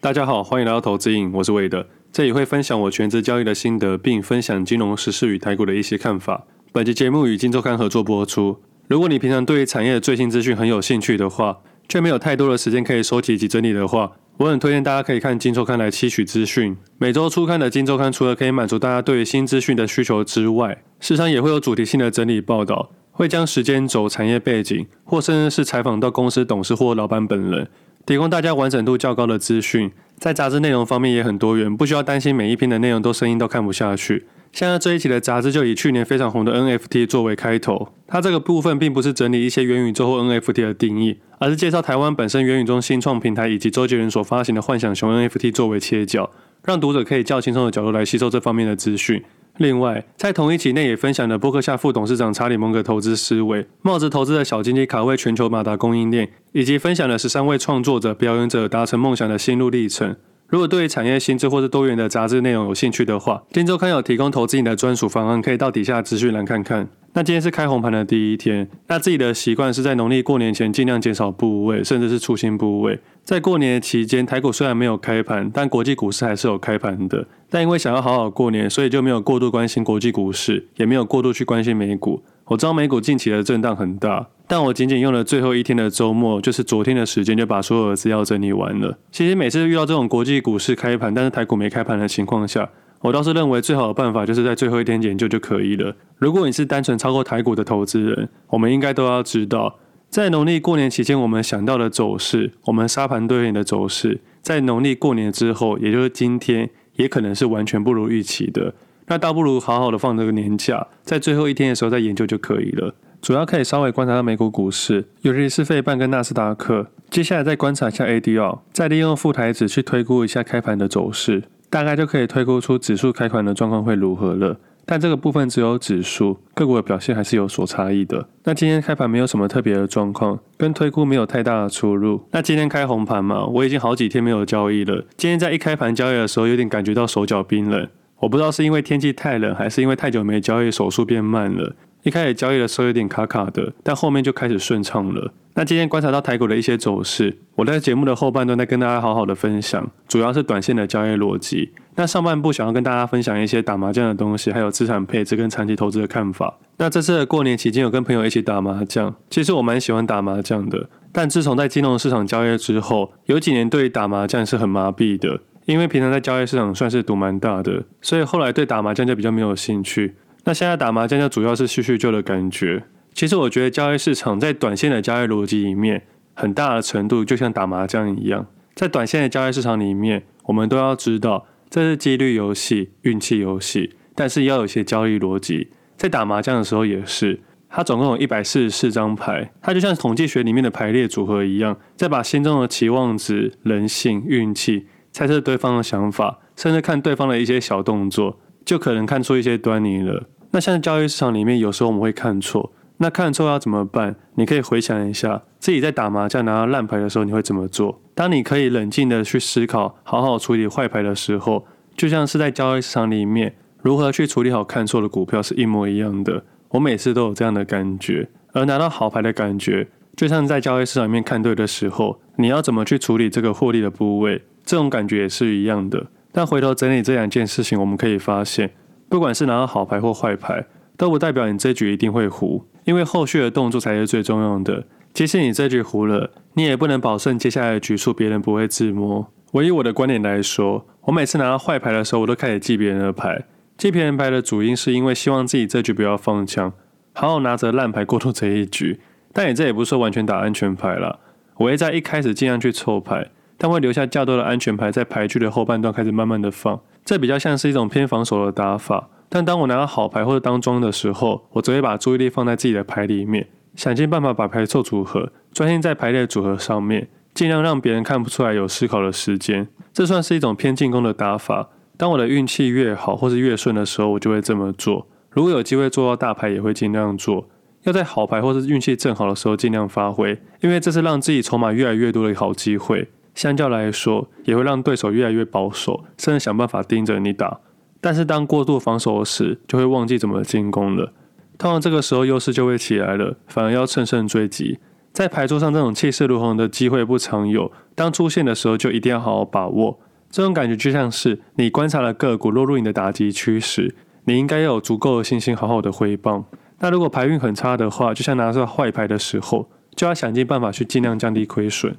大家好，歡迎來到投資癮，我是魏德。這裡會分享我全職交易的心得，並分享金融時事與台股的一些看法。本集節目與今周刊合作播出。如果你平常對於產業的最新資訊很有興趣的話，卻沒有太多的時間可以收集及整理的話，我很推薦大家可以看今周刊來吸取資訊。每週初刊的今周刊，除了可以滿足大家對於新資訊的需求之外，時常也會有主題性的整理報道，會將時間軸產業背景，或甚至是採訪到公司董事或老闆本人。提供大家完整度較高的資訊，在雜誌內容方面也很多元，不需要擔心每一篇的內容都聲音都看不下去。現在這一期的雜誌就以去年非常紅的 NFT 作為開頭，它這個部分並不是整理一些元宇宙或 NFT 的定義，而是介紹台灣本身元宇宙新創平台以及周杰倫所發行的幻想熊 NFT 作為切角，讓讀者可以較輕鬆的角度來吸收這方面的資訊。另外，在同一期內也分享了波克夏副董事長查理芒格投資思維、帽子投資的小金雞卡位全球馬達供應鏈，以及分享了十三位創作者、表演者達成夢想的心路歷程。如果對於產業新知或是多元的雜誌內容有興趣的話，今周刊有提供投資型的專屬方案，可以到底下資訊欄看看。那今天是開紅盤的第一天，那自己的習慣是在農曆過年前盡量減少部位，甚至是出清部位。在過年的期間，台股雖然沒有開盤，但國際股市還是有開盤的。但因為想要好好過年，所以就沒有過度關心國際股市，也沒有過度去關心美股。我知道美股近期的震盪很大。但我僅僅用了最後一天的周末，就是昨天的時間，就把所有的資料整理完了。其實每次遇到這種國際股市開盤，但是台股沒開盤的情況下，我倒是認為最好的辦法就是在最後一天研究就可以了。如果你是單純操作台股的投資人，我們應該都要知道，在農曆過年期間我們想到的走勢，我們沙盤推演的走勢，在農曆過年之後，也就是今天，也可能是完全不如預期的。那倒不如好好的放這個年假，在最後一天的時候再研究就可以了。主要可以稍微觀察下美國股、股市，尤其是費半跟納斯達克。接下來再觀察一下 ADR，再利用富台指去推估一下開盤的走勢，大概就可以推估出指數開盤的狀況會如何了。但這個部分只有指數，個股的表現還是有所差異的。那今天開盤沒有什麼特別的狀況，跟推估沒有太大的出入。那今天開紅盤嘛，我已經好幾天沒有交易了。今天在一開盤交易的時候，有點感覺到手腳冰冷。我不知道是因為天氣太冷，還是因為太久沒交易，手速變慢了。一開始交易的時候有點卡卡的，但後面就開始順暢了。那今天觀察到台股的一些走勢，我在節目的後半段再跟大家好好的分享，主要是短線的交易邏輯。那上半部想要跟大家分享一些打麻將的東西，還有資產配置跟長期投資的看法。那這次的過年期間有跟朋友一起打麻將，其實我蠻喜歡打麻將的。但自從在金融市場交易之後，有幾年對於打麻將是很麻痹的。因為平常在交易市場算是賭蠻大的，所以後來對打麻將就比較沒有興趣。那現在打麻將就主要是敘敘舊的感覺。其實我覺得交易市場在短線的交易邏輯裡面，很大的程度就像打麻將一樣。在短線的交易市場裡面，我們都要知道這是幾率遊戲、運氣遊戲，但是要有一些交易邏輯。在打麻將的時候也是，它總共有一百四十四張牌，它就像統計學裡面的排列組合一樣，再把心中的期望值、人性、運氣。猜測對方的想法，甚至看對方的一些小動作，就可能看出一些端倪了。那像是交易市場裡面，有時候我們會看錯，那看錯要怎麼辦？你可以回想一下，自己在打麻將拿到爛牌的時候，你會怎麼做？當你可以冷靜地去思考，好好處理壞牌的時候，就像是在交易市場裡面，如何去處理好看錯的股票是一模一樣的。我每次都有這樣的感覺，而拿到好牌的感覺，就像在交易市場裡面看對的時候，你要怎麼去處理這個獲利的部位？這種感覺也是一樣的，但回頭整理這兩件事情，我們可以發現，不管是拿到好牌或壞牌，都不代表你這局一定會胡，因為後續的動作才是最重要的。即使你這局胡了，你也不能保證接下來的局數別人不會自摸。我以我的觀點來說，我每次拿到壞牌的時候，我都開始記別人的牌。記別人牌的主因是因為希望自己這局不要放槍，好好拿着爛牌過渡這一局。但你這也不是說完全打安全牌啦，我會在一開始盡量去湊牌。但會留下較多的安全牌，在牌局的後半段開始慢慢的放，這比較像是一種偏防守的打法。但當我拿到好牌或者當莊的時候，我則會把注意力放在自己的牌裡面，想盡辦法把牌湊組合，專心在排列組合上面，盡量讓別人看不出來有思考的時間。這算是一種偏進攻的打法。當我的運氣越好或是越順的時候，我就會這麼做。如果有機會做到大牌，也會盡量做。要在好牌或是運氣正好的時候盡量發揮，因為這是讓自己籌碼越來越多的好機會。相較來說，也會讓對手越來越保守，甚至想辦法盯着你打。但是當過度防守時，就會忘記怎麼進攻了。通常這個時候優勢就會起來了，反而要乘勝追擊。在牌桌上這種氣勢如虹的機會不常有，當出現的時候就一定要好好把握。這種感覺就像是你觀察了個股落入你的打擊區時，你應該要有足夠的信心好好的揮棒。那如果牌運很差的話，就像拿到壞牌的時候，就要想盡辦法去盡量降低虧損。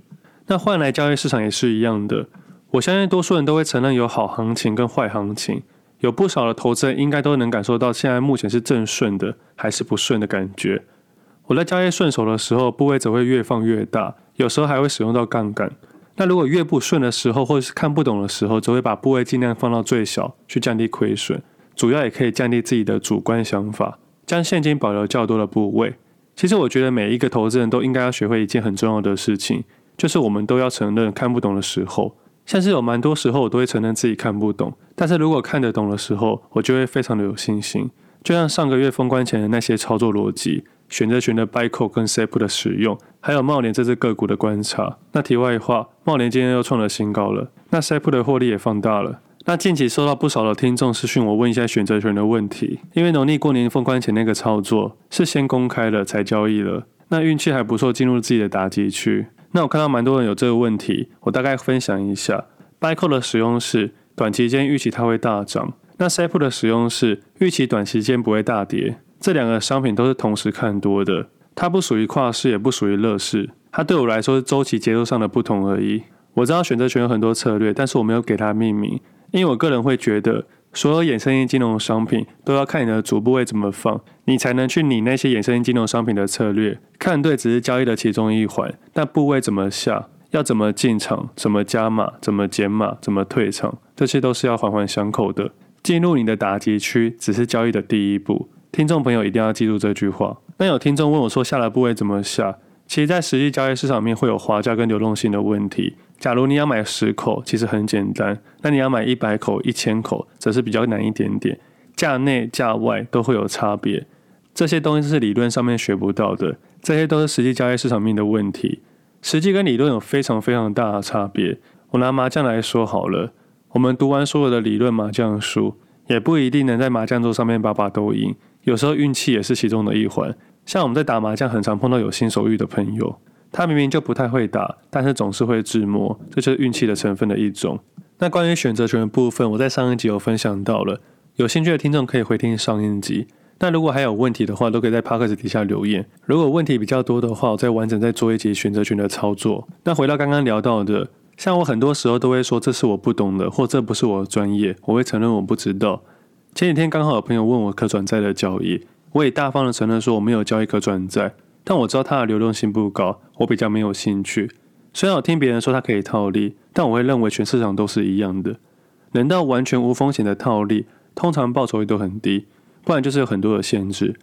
那換來交易市場也是一樣的。我相信多數人都會承認有好行情跟壞行情，有不少的投資人應該都能感受到現在目前是正順的還是不順的感覺。我在交易順手的時候，部位則會越放越大，有時候還會使用到槓桿。那如果越不順的時候，或者是看不懂的時候，只會把部位儘量放到最小，去降低虧損，主要也可以降低自己的主觀想法，將現金保留較多的部位。其實我覺得每一個投資人都應該要學會一件很重要的事情。就是我們都要承認看不懂的時候，像是有蠻多時候我都會承認自己看不懂。但是如果看得懂的時候，我就會非常的有信心。就像上個月封關前的那些操作邏輯、選擇權的 buy call 跟 sell put 的使用，還有茂聯這隻個股的觀察。那題外話，茂聯今天又創了新高了，那 sell put 的獲利也放大了。那近期收到不少的聽眾私訊，我問一下選擇權的問題，因為農曆過年封關前那個操作是先公開了才交易了，那運氣還不錯，進入自己的打擊區。那我看到蠻多人有這個問題，我大概分享一下。Buy Call 的使用是短期間預期它會大漲，那 Sell Put 的使用是預期短期間不會大跌。這兩個商品都是同時看多的，它不屬於跨式，也不屬於勒式。它對我來說是周期節奏上的不同而已。我知道選擇權有很多策略，但是我沒有給它命名，因為我個人會覺得。所有衍生性金融商品都要看你的主部位怎麼放，你才能去擬那些衍生金融商品的策略。看對只是交易的其中一環，但部位怎麼下，要怎麼進場、怎麼加碼、怎麼減碼、怎麼退場，這些都是要環環相扣的。進入你的打擊區只是交易的第一步，聽眾朋友一定要記住這句話。那有聽眾問我說，下了部位怎麼下？其實，在實際交易市場面會有滑價跟流動性的問題。假如你要買十口，其實很簡單。那你要買一百口、一千口，則是比較難一點點。價內價外都會有差別。這些東西是理論上面學不到的，這些都是實際交易市場面的問題。實際跟理論有非常非常大的差別。我拿麻將來說好了，我們讀完所有的理論麻將書，也不一定能在麻將桌上面把把都贏。有時候運氣也是其中的一環。像我們在打麻將，很常碰到有新手運的朋友。他明明就不太會打，但是總是會自摸，這就是運氣的成分的一種。那關於選擇權的部分，我在上一集有分享到了，有興趣的聽眾可以回聽上一集。那如果還有問題的話，都可以在 podcast 底下留言。如果問題比較多的話，我再完整再做一集選擇權的操作。那回到剛剛聊到的，像我很多時候都會說這是我不懂的，或這不是我的專業，我會承認我不知道。前幾天剛好有朋友問我可轉債的交易，我也大方的承認說我沒有交易可轉債。但我知道它的流動性不高，我比較沒有興趣。雖然我聽別人說它可以套利，但我會認為全市場都是一樣的。能到完全無風險的套利，通常報酬率都很低，不然就是有很多的限制。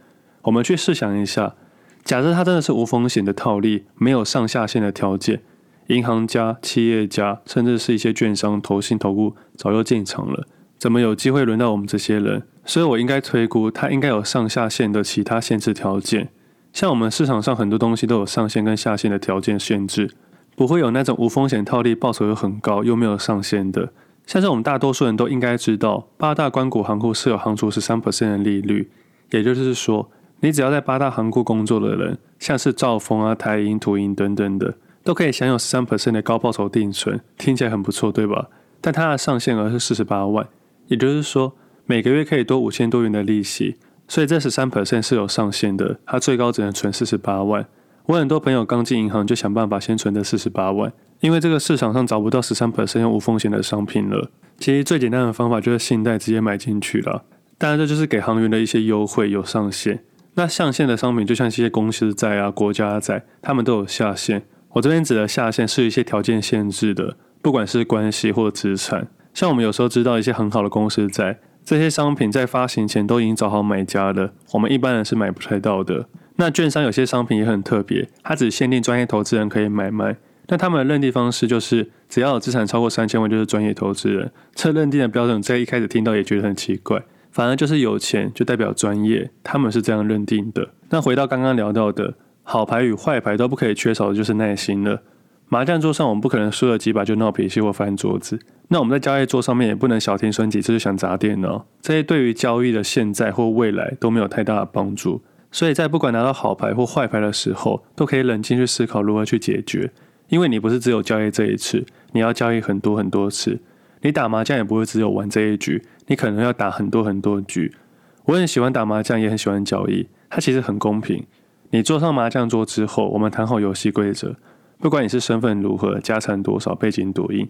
我們去試想一下，假設它真的是無風險的套利，沒有上下限的條件，銀行家、企業家甚至是一些券商、投信、投顧早就進場了，怎麼有機會輪到我們這些人？所以我應該推估它應該有上下限的其他限制條件。像我們市場上很多東西都有上限跟下限的條件限制，不會有那種無風險套利報酬又很高又沒有上限的。像是我們大多數人都應該知道，八大公股行庫是有行廚十三%的利率，也就是說，你只要在八大行庫工作的人，像是兆豐啊、台銀、土銀等等的，都可以享有十三%的高報酬定存，聽起來很不錯，對吧？但它的上限額是四十八萬，也就是說，每個月可以多五千多元的利息。所以這十三 percent 是有上限的，它最高只能存四十八萬。我很多朋友剛進銀行就想辦法先存這四十八萬，因為這個市場上找不到十三 percent 無風險的商品了。其實最簡單的方法就是信貸直接買進去了，當然這就是給行員的一些優惠有上限。那上限的商品就像一些公司債啊、國家債，他們都有下限。我這邊指的下限是一些條件限制的，不管是關係或資產。像我們有時候知道一些很好的公司債。這些商品在發行前都已經找好買家了，我們一般人是買不太到的。那券商有些商品也很特別，它只限定專業投資人可以買賣。那他們的認定方式就是，只要有資產超過三千萬就是專業投資人。這認定的標準在一開始聽到也覺得很奇怪，反而就是有錢就代表專業，他們是這樣認定的。那回到剛剛聊到的好牌與壞牌都不可以缺少的就是耐心了。麻將桌上，我們不可能輸了幾把就鬧脾氣或翻桌子。那我們在交易桌上面也不能小停損幾次就想砸電腦。這些對於交易的現在或未來都沒有太大的幫助。所以在不管拿到好牌或壞牌的時候，都可以冷靜去思考如何去解決。因為你不是只有交易這一次，你要交易很多很多次。你打麻將也不會只有玩這一局，你可能要打很多很多局。我很喜歡打麻將，也很喜歡交易。它其實很公平。你坐上麻將桌之後，我們談好遊戲規則。不管你是身份如何，家產多少，背景多硬，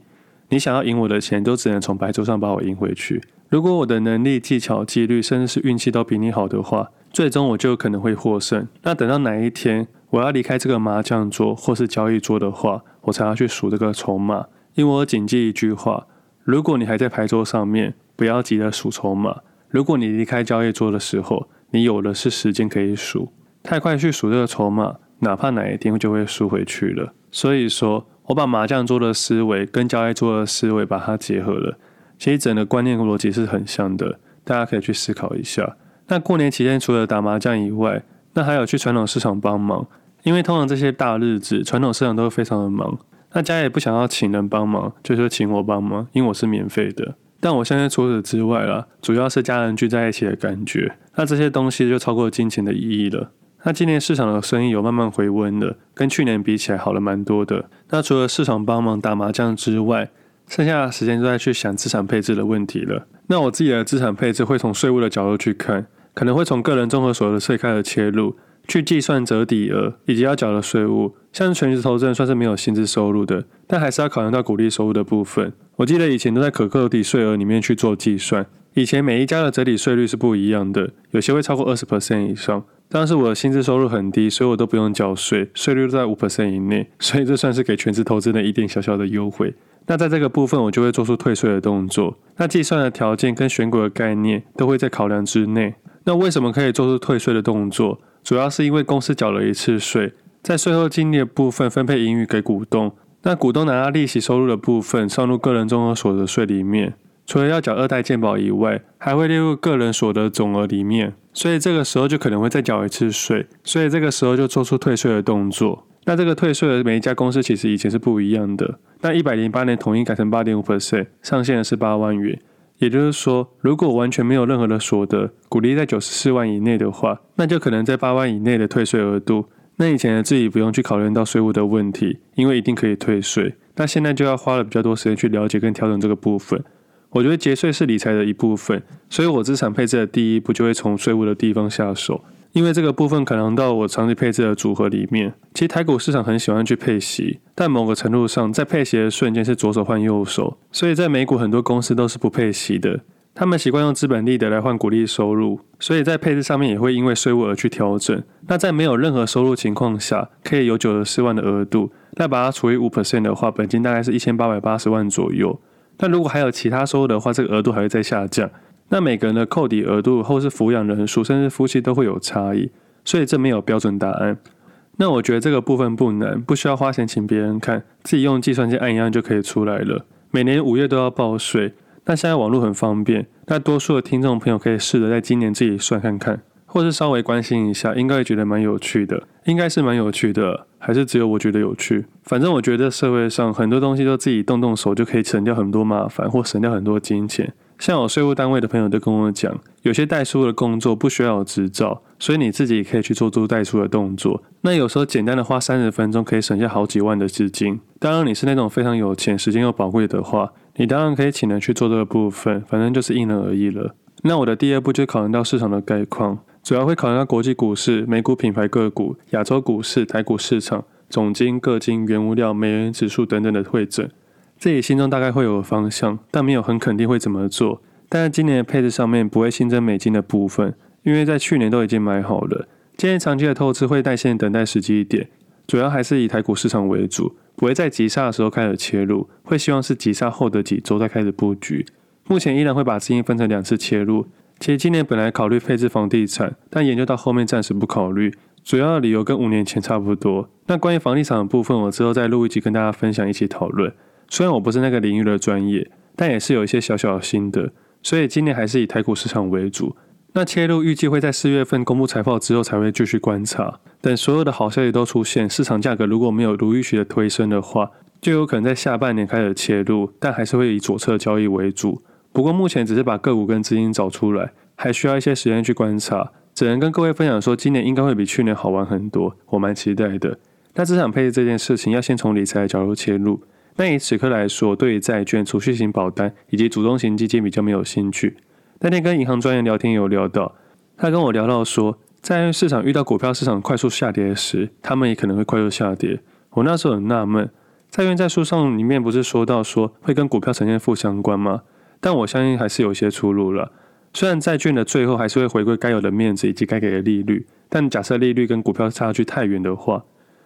你想要贏我的錢，都只能從牌桌上把我贏回去。如果我的能力、技巧、幾率，甚至是運氣都比你好的話，最終我就有可能會獲勝。那等到哪一天我要離開這個麻將桌或是交易桌的話，我才要去數這個籌碼。因為我謹記一句話：如果你還在牌桌上面，不要急着數籌碼；如果你離開交易桌的時候，你有的是時間可以數。太快去數這個籌碼。哪怕哪一天就會輸回去了，所以說我把麻將桌的思維跟交易桌的思維把它結合了，其實整個觀念和邏輯是很像的，大家可以去思考一下。那過年期間除了打麻將以外，那還有去傳統市場幫忙，因為通常這些大日子傳統市場都非常的忙，那家也不想要請人幫忙，就說、是、請我幫忙，因為我是免費的。但我相信除此之外啦，主要是家人聚在一起的感覺，那這些東西就超過金錢的意義了。那今年市場的生意有慢慢回溫了，跟去年比起來好了蠻多的。那除了市場幫忙打麻將之外，剩下的時間都在去想資產配置的問題了。那我自己的資產配置會從稅務的角度去看，可能會從個人綜合所得稅開始切入，去計算折抵額以及要繳的稅務。像是全職投資人，算是沒有薪資收入的，但還是要考量到股利收入的部分。我記得以前都在可扣抵稅額裡面去做計算，以前每一家的折抵稅率是不一樣的，有些會超過二十 percent 以上。當時我的薪資收入很低，所以我都不用繳稅，稅率都在五 percent 以內，所以這算是給全職投資的一點小小的優惠。那在這個部分，我就會做出退稅的動作。那計算的條件跟選股的概念都會在考量之內。那為什麼可以做出退稅的動作？主要是因為公司繳了一次稅，在稅後淨利的部分分配盈餘給股東。那股東拿到利息收入的部分，算入個人綜合所得稅裡面，除了要繳二代健保以外，還會列入個人所得總額裡面。所以這個時候就可能會再繳一次稅，所以這個時候就做出退稅的動作。那這個退稅的每一家公司其實以前是不一樣的。那一百零八年統一改成八點五 percent，上限的是八萬元。也就是說，如果完全沒有任何的所得，股利在九十四萬以內的話，那就可能在八萬以內的退稅額度。那以前的自己不用去考慮到稅務的問題，因為一定可以退稅。那現在就要花了比較多時間去了解跟調整這個部分。我覺得節稅是理財的一部分，所以我資產配置的第一步就會從稅務的地方下手。因為這個部分可能到我長期配置的組合裡面，其實台股市場很喜歡去配息，但某個程度上，在配息的瞬間是左手換右手，所以在美股很多公司都是不配息的，他們習慣用資本利得來換股利收入，所以在配置上面也會因為稅務而去調整。那在沒有任何收入情況下，可以有九十四萬的額度，但把它除以五 percent 的話，本金大概是一千八百八十萬左右。那如果還有其他收入的話，這個額度還會再下降。那每個人的扣抵額度、或是撫養人數，甚至夫妻都會有差異，所以這沒有標準答案。那我覺得這個部分不難，不需要花錢請別人看，自己用計算機按一按就可以出來了。每年五月都要報稅，那現在網絡很方便，那多數的聽眾朋友可以試着在今年自己算看看。或是稍微關心一下，應該也覺得蠻有趣的，應該是蠻有趣的，還是只有我覺得有趣？反正我覺得社會上很多東西都自己動動手就可以省掉很多麻煩或省掉很多金錢。像我稅務單位的朋友都跟我講，有些代書的工作不需要執照，所以你自己也可以去做做代書的動作。那有時候簡單的花三十分鐘，可以省下好幾萬的資金。當然你是那種非常有錢、時間又寶貴的話，你當然可以請人去做這個部分，反正就是因人而異了。那我的第二步就考量到市場的概況。主要會考量到國際股市、美股品牌個股、亞洲股市、台股市場、總經、個經、原物料、美元指數等等的匯整，自己心中大概會有個方向，但沒有很肯定會怎麼做。但是今年的配置上面不會新增美金的部分，因為在去年都已經買好了。今年長期的投資會待線等待時機點，主要還是以台股市場為主，不會在急殺的時候開始切入，會希望是急殺後的幾周再開始布局。目前依然會把資金分成兩次切入。其實今年本來考慮配置房地產，但研究到後面暫時不考慮，主要的理由跟五年前差不多。那關於房地產的部分，我之後再錄一集跟大家分享一起討論。雖然我不是那個領域的專業，但也是有一些小小的心得。所以今年還是以台股市場為主。那切入預計會在四月份公布財報之後才會繼續觀察，等所有的好消息都出現，市場價格如果沒有如預期的推升的話，就有可能在下半年開始切入，但還是會以左側交易為主。不過目前只是把個股跟資金找出來，還需要一些時間去觀察。只能跟各位分享說，今年應該會比去年好玩很多，我蠻期待的。那資產配置這件事情，要先從理財的角度切入。那以此刻來說，對於債券、儲蓄型保單以及主動型基金比較沒有興趣。那天跟銀行專員聊天，有聊到，他跟我聊到說，債券市場遇到股票市場快速下跌時，他們也可能會快速下跌。我那時候很納悶，債券在書上裡面不是說到說會跟股票呈現負相關嗎？但我相信還是有些出路了。雖然債券的最後還是會回歸該有的面值以及該給的利率，但假設利率跟股票差距太遠的話，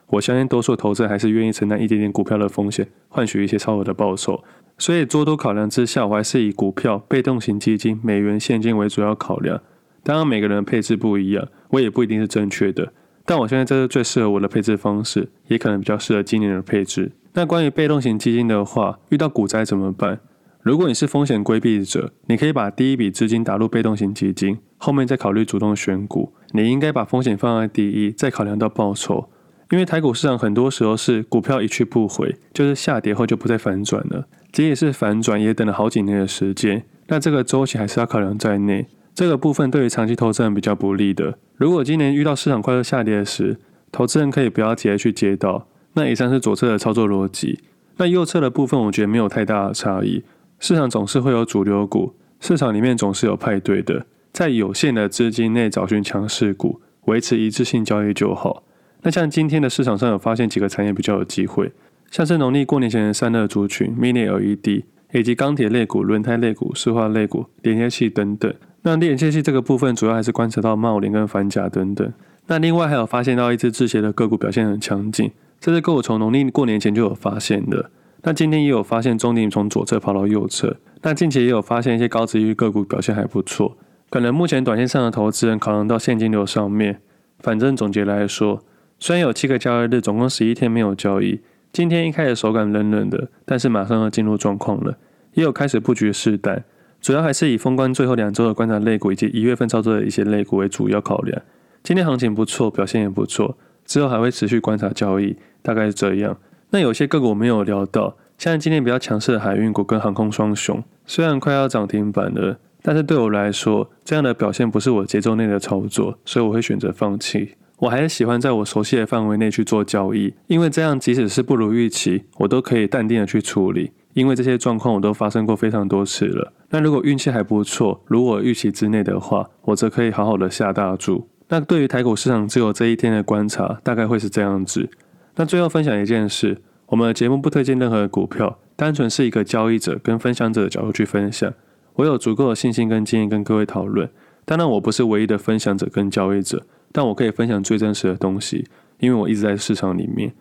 我相信多數投資人還是願意承擔一點點股票的風險，換取一些超額的報酬。所以，多多考量之下，我還是以股票、被動型基金、美元、現金為主要考量。當然，每個人的配置不一樣，我也不一定是正確的。但我相信這是最適合我的配置方式，也可能比較適合今年的配置。那關於被動型基金的話，遇到股災怎麼辦？如果你是風險規避者，你可以把第一筆資金打入被動型基金，後面再考慮主動選股。你應該把風險放在第一，再考量到報酬。因為台股市場很多時候是股票一去不回，就是下跌後就不再反轉了。即使是反轉，也等了好幾年的時間。那這個週期還是要考量在內。這個部分對於長期投資人比較不利的。如果今年遇到市場快速下跌時，投資人可以不要急着去接刀。那以上是左側的操作邏輯。那右側的部分，我覺得沒有太大的差異。市場總是會有主流股，市場裡面總是有派對的，在有限的資金內找尋強勢股，維持一致性交易就好。那像今天的市場上有發現幾個產業比較有機會，像是農曆過年前的散熱族群、Mini LED，以及鋼鐵類股、輪胎類股、石化類股、連接器等等。那連接器這個部分主要還是觀察到茂林跟凡甲等等。那另外還有發現到一隻製鞋的個股表現很強勁，這支個股從農曆過年前就有發現的。那今天也有發現中鼎從左側跑到右側，那近期也有發現一些高殖利個股表現還不錯，可能目前短線上的投資人考量到現金流上面。反正總結來說，雖然有七個交易日，總共十一天沒有交易，今天一開始手感冷冷的，但是馬上要進入狀況了，也有開始布局的試單，主要還是以封關最後兩周的觀察類股以及一月份操作的一些類股為主要考量。今天行情不錯，表現也不錯，之後還會持續觀察交易，大概是這樣。那有些個股我沒有聊到，像今天比較強勢的海運股跟航空雙雄，雖然快要漲停板了，但是對我來說，這樣的表現不是我節奏內的操作，所以我會選擇放棄。我還是喜歡在我熟悉的範圍內去做交易，因為這樣即使是不如預期，我都可以淡定的去處理，因為這些狀況我都發生過非常多次了。那如果運氣還不錯，如果預期之內的話，我則可以好好的下大注。那對於台股市場，只有這一天的觀察，大概會是這樣子。那最後分享一件事，我們的節目不推薦任何的股票，單純是一個交易者跟分享者的角度去分享。我有足夠的信心跟經驗跟各位討論，當然我不是唯一的分享者跟交易者，但我可以分享最真實的東西，因為我一直在市場裡面。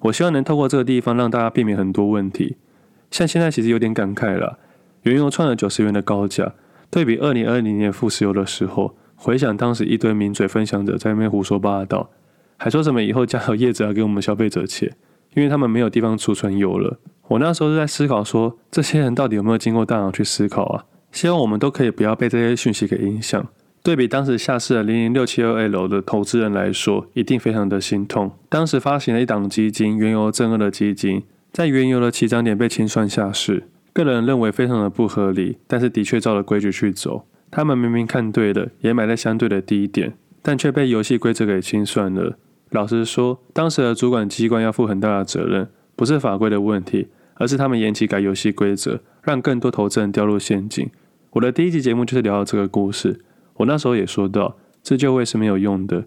我希望能透過這個地方讓大家避免很多問題。像現在其實有點感慨了，原油創了九十元的高價，對比二零二零年負石油的時候，回想當時一堆名嘴分享者在那邊胡說八道。還說什麼以後加油業者要給我們消費者錢，因為他們沒有地方儲存油了。我那時候就在思考說，這些人到底有沒有經過大腦去思考啊？希望我們都可以不要被這些訊息給影響。對比當時下市的零零六七二 L 的投資人來說，一定非常的心痛。當時發行了一檔基金，原油正二的基金，在原油的起漲點被清算下市。個人認為非常的不合理，但是的確照了規矩去走。他們明明看對了，也買在相對的低點，但卻被遊戲規則給清算了。老實說，當時的主管機關要負很大的責任，不是法規的問題，而是他們延期改遊戲規則，讓更多投資人掉入陷阱。我的第一集節目就是聊到這個故事，我那時候也說到，這就會是沒有用的。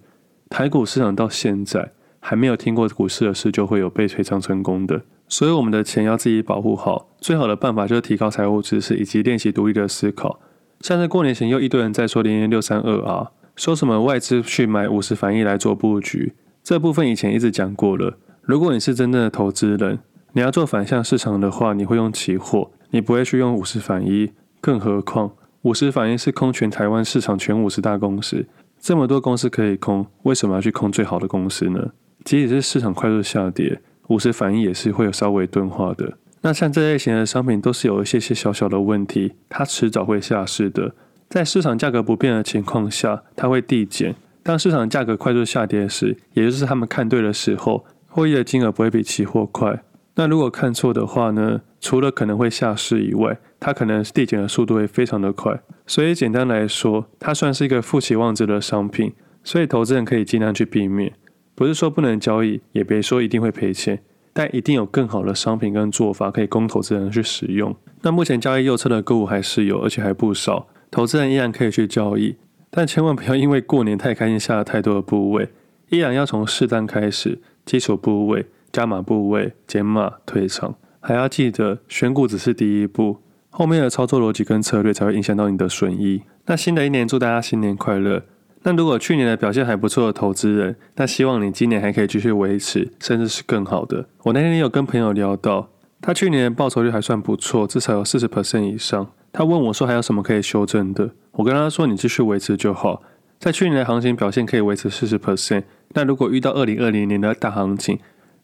台股市場到現在還沒有聽過股市的事，就會有被推漲成功的。所以我們的錢要自己保護好，最好的辦法就是提高財務知識以及練習獨立的思考。像是過年前又一堆人在說零零六三二 R，說什麼外資去買五十反一來做布局。這部分以前一直講過了。如果你是真正的投資人，你要做反向市場的話，你會用期貨，你不會去用五十反一。更何況，五十反一是空全台灣市場前五十大公司，這麼多公司可以空，為什麼要去空最好的公司呢？即使是市場快速下跌，五十反一也是會有稍微鈍化的。那像這類型的商品都是有一些些小小的問題，它遲早會下市的。在市場價格不變的情況下，它會遞減。當市場價格快速下跌時，也就是他們看對的時候，獲益的金額不會比期貨快。那如果看錯的話呢？除了可能會下市以外，它可能遞減的速度會非常的快。所以簡單來說，它算是一個負期望值的商品，所以投資人可以盡量去避免。不是說不能交易，也別說一定會賠錢，但一定有更好的商品跟做法可以供投資人去使用。那目前交易右側的個股還是有，而且還不少，投資人依然可以去交易。但千萬不要因為過年太開心下了太多的部位，依然要從適當開始，基礎部位加碼部位減碼退場，還要記得選股只是第一步，後面的操作邏輯跟策略才會影響到你的損益。那新的一年祝大家新年快樂。那如果去年的表現還不錯的投資人，那希望你今年還可以繼續維持，甚至是更好的。我那天也有跟朋友聊到，他去年的報酬率還算不錯，至少有四十 percent 以上。他問我說還有什麼可以修正的？我跟他說：“你繼續維持就好，在去年的行情表現可以維持四十 percent。那如果遇到二零二零年的大行情，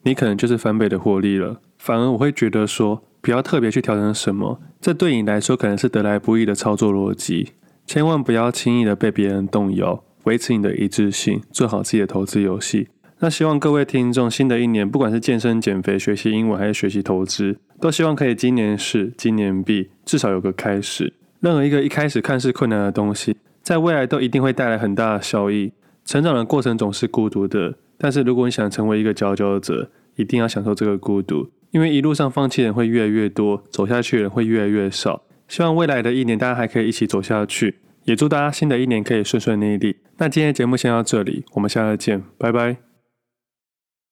你可能就是翻倍的獲利了。反而我會覺得說，不要特別去調整什麼，這對你來說可能是得來不易的操作邏輯。千萬不要輕易的被別人動搖，維持你的一致性，做好自己的投資遊戲。那希望各位聽眾，新的一年，不管是健身、減肥、學習英文還是學習投資，都希望可以今年是，今年必，至少有個開始。”任何一個一開始看似困難的東西，在未來都一定會帶來很大的效益。成長的過程總是孤獨的，但是如果你想成為一個佼佼者，一定要享受這個孤獨，因為一路上放棄的人會越來越多，走下去的人會越來越少。希望未來的一年大家還可以一起走下去，也祝大家新的一年可以順順利利。那今天的節目先到這裡，我們下次見，拜拜。